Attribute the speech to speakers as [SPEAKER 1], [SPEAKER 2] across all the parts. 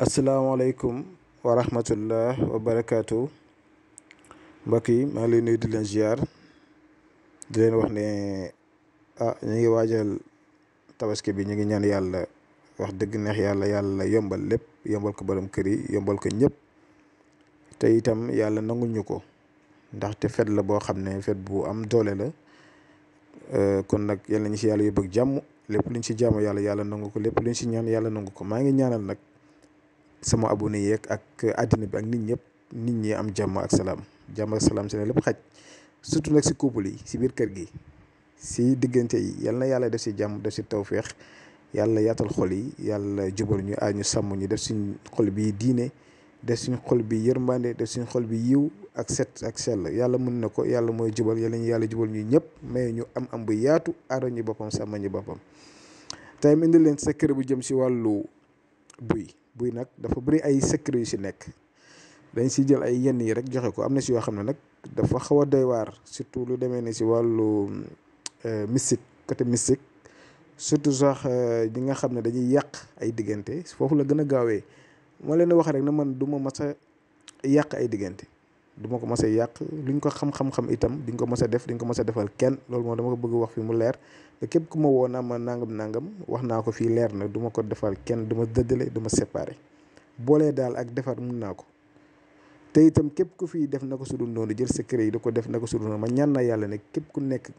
[SPEAKER 1] asalaamaaleykum wa rahmatullah wa barakaatu mbokk yi maa ngi leen nuyu di leen ziar di leen wax ne ah ñu ngi waajal tabaski bi ñu ngi ñaan yàlla wax dëgg neex yàlla yàlla yombal lépp yombal ko borom kër yi yombal ko ñëpp te yitam yàlla nangul ñu ko ndaxte fet la boo xam ne fet bu am doole la euh, kon nag yal nañu si yàlla yóbbu ak jàmm lépp luñ si jaamu yàlla yàlla nangu ko lépp luñ si ñaan yàlla nangu ko maa ngi ñaanal nag. sama abonné yek ak adina bi ak nit ñëpp nit ñi am jamm ak salam jamm ak salam ci lepp xaj surtout nak ci couple yi ci bir kër gi ci digënté yi yalla na yalla def ci jamm def ci tawfiq yalla yaatal xol yi yalla jubal ñu a ñu sam ñu def ci xol bi diiné def ci xol bi yermande def ci xol bi yiw ak set ak sel yalla mën nako yalla moy jubal yalla ñu yalla jubal ñu ñëpp may ñu am am bu yaatu ara ñu bopam sam ñu bopam tay indi len sa kër bu jëm ci walu buy buy nag dafa bëri ay secret yu si nekk dañ si jël ay yenn yi rek joxe ko am na si yoo xam ne nag dafa xaw a doy waar surtout lu demee ni si wàllu euh, mystique côté mystique surtout sax euh, ñi nga xam ne dañuy yàq ay diggante foofu la gën a gaawee moo leen wax rek na man duma ma mas a yàq ay diggante du ma ko mas yak luñ ko xam-xam-xam itam di ko mas def di ko mas defal kenn lool mo dama ko bëgg wax fi mu leer te képp kuma wona ma nangam nangam wax ko fi leer nak duma ko defal kenn duma dëddelé duma séparé bolé dal ak defar mun na ko te itam képp ku fi def nako ko sudul noonu jël secret yi ko def nako sudul ma ñaan na yalla ne képp ku nekk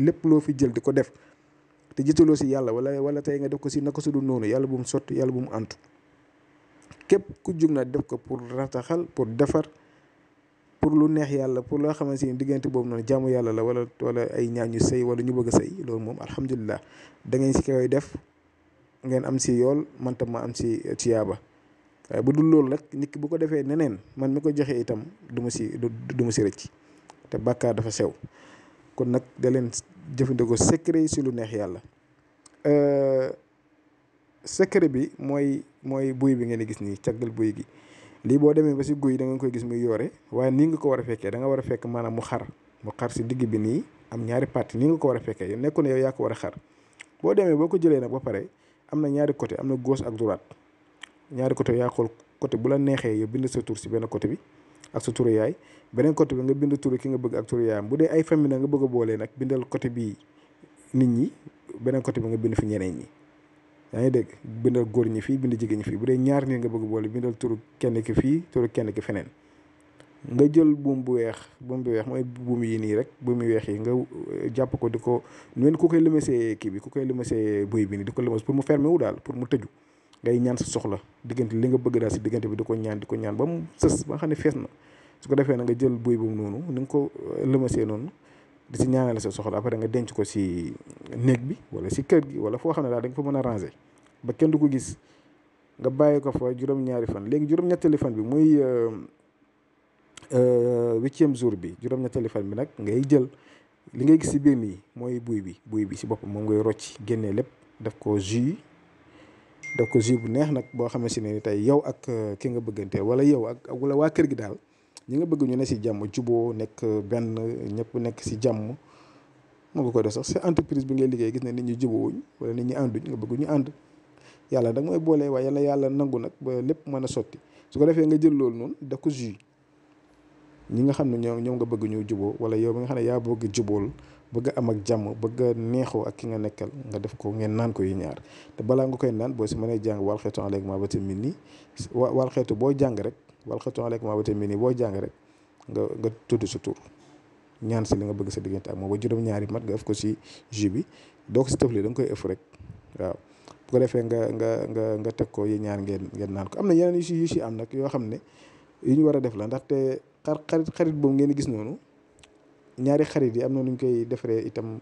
[SPEAKER 1] lepp lo fi jël di def te jitaloo si yalla wala wala tay nga def ko si nako sudul noonu bu mu sotti yalla bu mu antu kep ku jugna def ko pour rataxal pour defar pour lu neex yàlla pour loo xamante ni diggante boobu noonu jaamu yàlla la wala wala ay ñaan ñu sëy wala ñu bëgg a sëy loolu moom alhamdulilah da ngeen si koy def ngeen am si yool man tam ma am si tiyaaba waaye bu dul loolu rek nit ki bu ko defee neneen man mi ko joxe itam du si du ma si rëcc te bàkkaar dafa sew kon nag da leen jëfandikoo secret si lu neex yàlla euh, secret bi mooy mooy buy bi ngeen gis nii caggal buy gi lii boo demee ba si guy da nga koy gis muy yoore waaye nii nga ko war a fekkee da war a fekk maanaam mu xar mu xar si digg bi nii am ñaari parti nii nga ko war a fekkee nekku ne yow yaa ko war a xar boo boo ko jëlee nag ba pare am na ñaari am na gauche ak droite ñaari côté yaa xool côté bu la neexee yow bind sa tur si benn côté bi ak sa turu yaay beneen côté bi nga bind turu ki nga bëgg ak turu yaayam bu dee ay famille na nga bëgg a boolee nag bindal côté bii nit ñi beneen côté bi nga bind fi ñeneen ñi yaa ngi dégg bindal góor ñi fii bind jigéen ñi fii bu dee ñaar nii nga bëgg boole bindal turu kenn ki fii turu kenn ki feneen nga jël buum bu weex buum bu weex mooy buum yi nii rek buum yu weex yi nga eh, jàpp ko di ko mel ku koy lëmasee kii bi ku koy lëmasee buy bi nii di ko lëmas pour mu fermé daal pour mu tëju ngay ñaan sa soxla diggante li nga bëgg daal si diggante bi di ko ñaan di ko ñaan ba mu sës ba nga xam ne fees na su ko defee na nga jël buy bu noonu ni nga ko eh, lëmasee noonu di si ñaanal sa soxla après nga denc ko si néeg bi wala si kër gi wala foo xam ne daal danga nga fa mën a ranger ba kenn du ko gis nga bàyyi ko fa juróom-ñaari fan léegi juróom-ñetteeli fan bi muy euh, euh, huitième jour bi juróom-ñetteeli fan bi nag ngay jël li ngay gis si biir nii mooy buy bi buy bi si boppam moom ngay rocci génnee lépp daf ko jus daf ko jus bu neex nag boo xamante ne ni tey yow ak euh, ki nga bëggantee wala yow ak wala waa kër gi daal. ñi nga bëgg ñu ne si jàmm juboo nekk benn ñëpp nekk si jàmm moo nga koy def sax sa entreprise bi ngay liggéey gis ne nit ñi jubowuñ wala nit ñi ànduñ nga bëgg ñu ànd yàlla da mooy boolee yàlla nangu nag ba lépp mën a sotti su ko defee nga jël loolu noonu def ko ñi nga xam ne ñoom ñoom nga bëgg ñu juboo wala yow mi nga xam ne yaa bëgg jubool bëgg am ak jàmm bëgg a neexoo ak ki nga nekkal nga def ko ngeen naan ko yi ñaar te balaa nga koy naan boo si mënee jàng wal xeetu aleykum ma ba tamit nii wal xeetu boo jàng rek wal khatu aleykum ma wate mini bo jang rek nga nga tuddu sa tour ñaan ci li nga bëgg sa diggante ak moom ba juroom ñaari mat nga ëf ko ci jus bi ci ko dang koy ëf rek waaw bu ko defé nga nga nga nga tek ko yi ñaar ngeen ngeen naan ko amna yeneen yu ci yu ci am nak yo xamne ne ñu wara def la ndaxte xar xarit xarit bu ngeen gis nonu ñaari xarit yi amna na ñu koy defré itam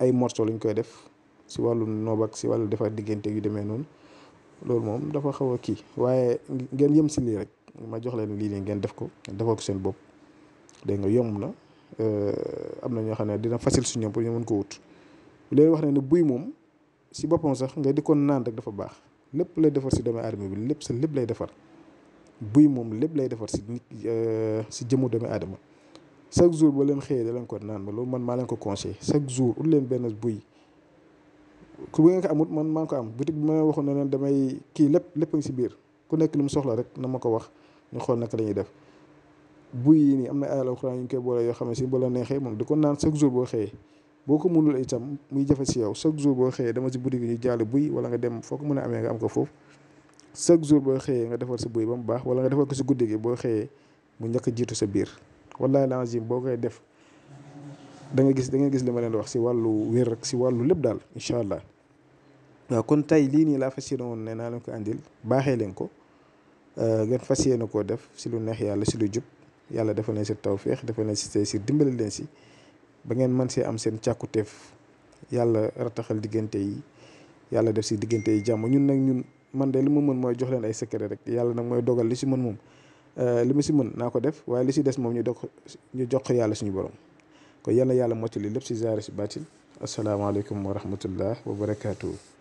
[SPEAKER 1] ay morceau luñ koy def ci walu nobak ci walu wàllu digënté yu démé non lool mom dafa xawa ki waye ngeen yëm ci li rek ma jox leen lii ngeen def ko defal ko seen bopp dégg nga yomb na euh, am na ñoo xam ne dina facile si ñoom pour ñu mën ko wut. léegi wax nañ ne buy moom si boppam sax nga di ko naan rek dafa baax lépp lay defar si doomu aadama bi lépp sa lépp lay defar buy moom lépp lay defar si euh, si jëmmu doomu aadama chaque jour boo leen xëyee da leen ko naan ba loolu man maa leen ko conseillé chaque jour ut leen benn buy. ku bu ngeen ko amut man maa ko am boutique bi ma waxoon ne leen damay kii lépp lépp a ngi si biir ku nekk lu mu soxla rek na ma ko wax نخول نك لاني داف بوي ني امنا ايات اخرى ني كاي بولا يو خامي سي بولا نخي موم ديكو نان شاك جور بو خي بوكو مونول اي تام مي جافا سي ياو شاك جور بو خي داما سي بوديك ني جالي بوي ولا nga dem فوكو مونا امي nga am ko فوف شاك جور بو خي nga defal sa بوي بام باخ ولا nga defal ko سي غوديغي بو خي مو نياك جيتو سا بير والله لازم بوكاي def da nga gis da nga gis lima len wax ci walu wer ak ci walu lepp dal inshallah wa kon tay li ni la fasiron ne na lan ko andil baxé Euh, ngeen fas yéene koo def si lu neex yàlla si lu jub yàlla dafa leen si tawféex dafa leen si teysir dimbali leen si ba ngeen mën see am seen càkkutéef yàlla rataxal diggante yi yàlla def si diggante yi jàmm ñun nag ñun man de li ma mën mooy jox leen ay secret rek yàlla nag mooy dogal li si mën moom euh, li mu si mën naa ko def waaye li si des moom ñu dox ñu jox ko yàlla suñu borom kon yàlla yàlla yàlla mottali lépp si zaari si baatil asalaamaaleykum wa rahmatullah wa barakaatu.